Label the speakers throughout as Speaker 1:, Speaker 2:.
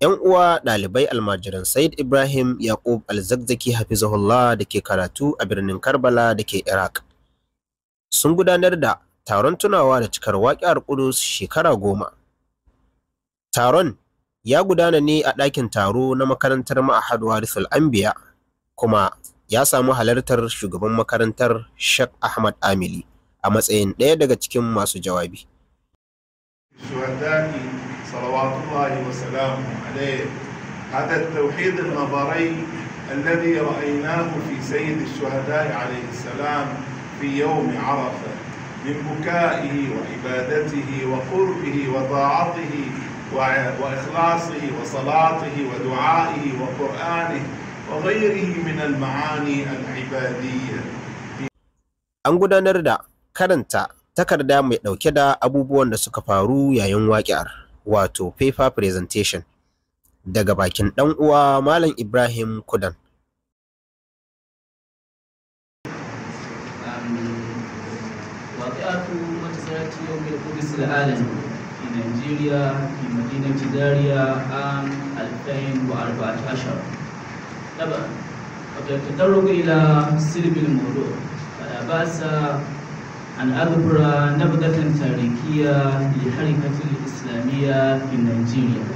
Speaker 1: 'Yan uwa ɗalibai almajiran Said Ibrahim Yaqub Alzakzaki Hafizahullah da ke karatu a birnin Karbala da ke Iraq sun gudanar da taron tunawa da cikar waƙiyar Kudus shekara goma. Taron ya gudana ne a ɗakin taro na makarantar Ma'ahadu Harisul Anbiya kuma ya samu halartar shugaban makarantar Sheikh Ahmad Amili. a matsayin ɗaya daga cikin masu jawabi.
Speaker 2: هذا التوحيد النظري الذي رأيناه في سيد الشهداء عليه السلام في يوم عرفة من بكائه وعبادته وقربه وطاعته وإخلاصه وصلاته ودعائه وقرآنه وغيره من المعاني العبادية
Speaker 1: an gudanar da karanta takarda mai ɗauke da abubuwan da suka faru yayin waƙi'ar wato paper presentation daga bakin ɗan uwa Malam Ibrahim Kudan.
Speaker 2: waƙi'atu wata sarati yau mai kudus al'alam fi Najeriya fi Madinati Zaria a alfain wa arba'at ashar. Taba, wajen tattarugu ila silbin modo, ba sa أن أذكر نبذة تاريخية لحركة الإسلامية في نيجيريا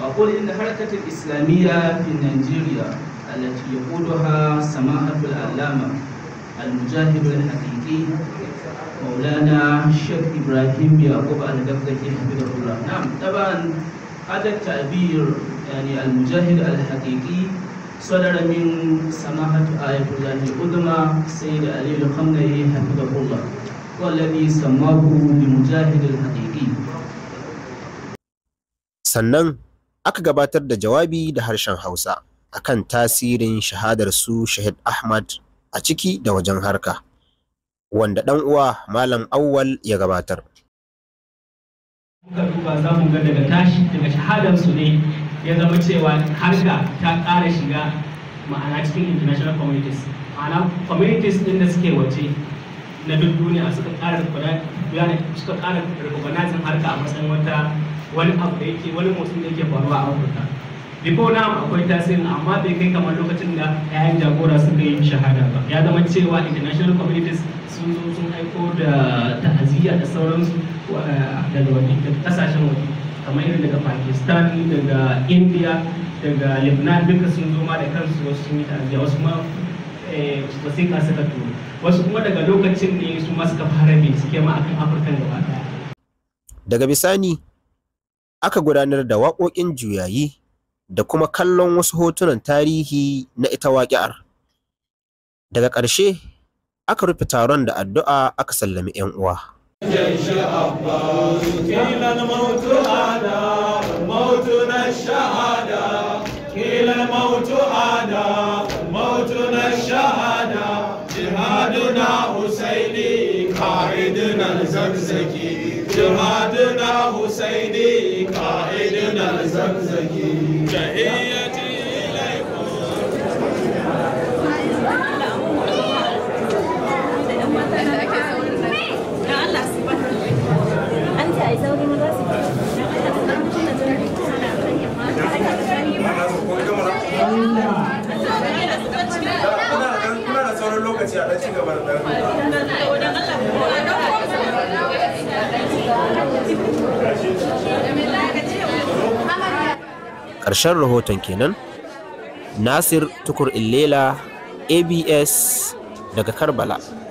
Speaker 2: وأقول إن الحركة الإسلامية في نيجيريا التي يقودها سماحة العلامة المجاهد الحقيقي مولانا الشيخ إبراهيم يعقوب الدبدكي حفظه الله نعم طبعا هذا التعبير يعني المجاهد الحقيقي صدر من سماحة Sayyid Ali Al-Khamnayi علي Wa Alladhi الله والذي Mujahid al الحقيقي
Speaker 1: sannan aka gabatar da jawabi da harshen Hausa akan tasirin shahadar su Shahid Ahmad a ciki da wajen harka wanda ɗan uwa Malam Awwal ya gabatar.
Speaker 3: Muka duba za mu ga daga tashi daga shahadar su ne ya zama cewa harka ta ƙara shiga ma'ana cikin international communities ma'ana communities din da suke waje na duk duniya suka ƙara suka ƙara harka a matsayin wata wani abu da yake wani motsin da yake faruwa a afirka before now akwai tasiri amma bai kai kamar lokacin da 'ya'yan jagora suka yi shahada ba ya zama cewa international communities sun zo sun aiko da ta'aziyya da sauransu daga kasashen waje kamar irin daga pakistan daga india daga lebanon duka sun zo ma da kansu wasu sun yi ta'aziyya wasu ma eh, ka saka turo wasu kuma daga lokacin ne su ma suka fara suke ma akan afirkan gaba
Speaker 1: daga bisani aka gudanar da waƙoƙin juyayi da kuma kallon wasu hotunan tarihi na ita waƙi'ar daga ƙarshe aka rufe taron da addu'a aka sallami 'yan uwa
Speaker 2: جيش الله
Speaker 3: قيل الموت
Speaker 2: أنا موتنا الشهادة قيل الموت موتنا الشهادة جهادنا حسيني قائدنا الزمزكي جهادنا حسيني قائدنا الزمزكي
Speaker 1: karshen ƙarshen rahoton kenan nasir tukur illela abs daga karbala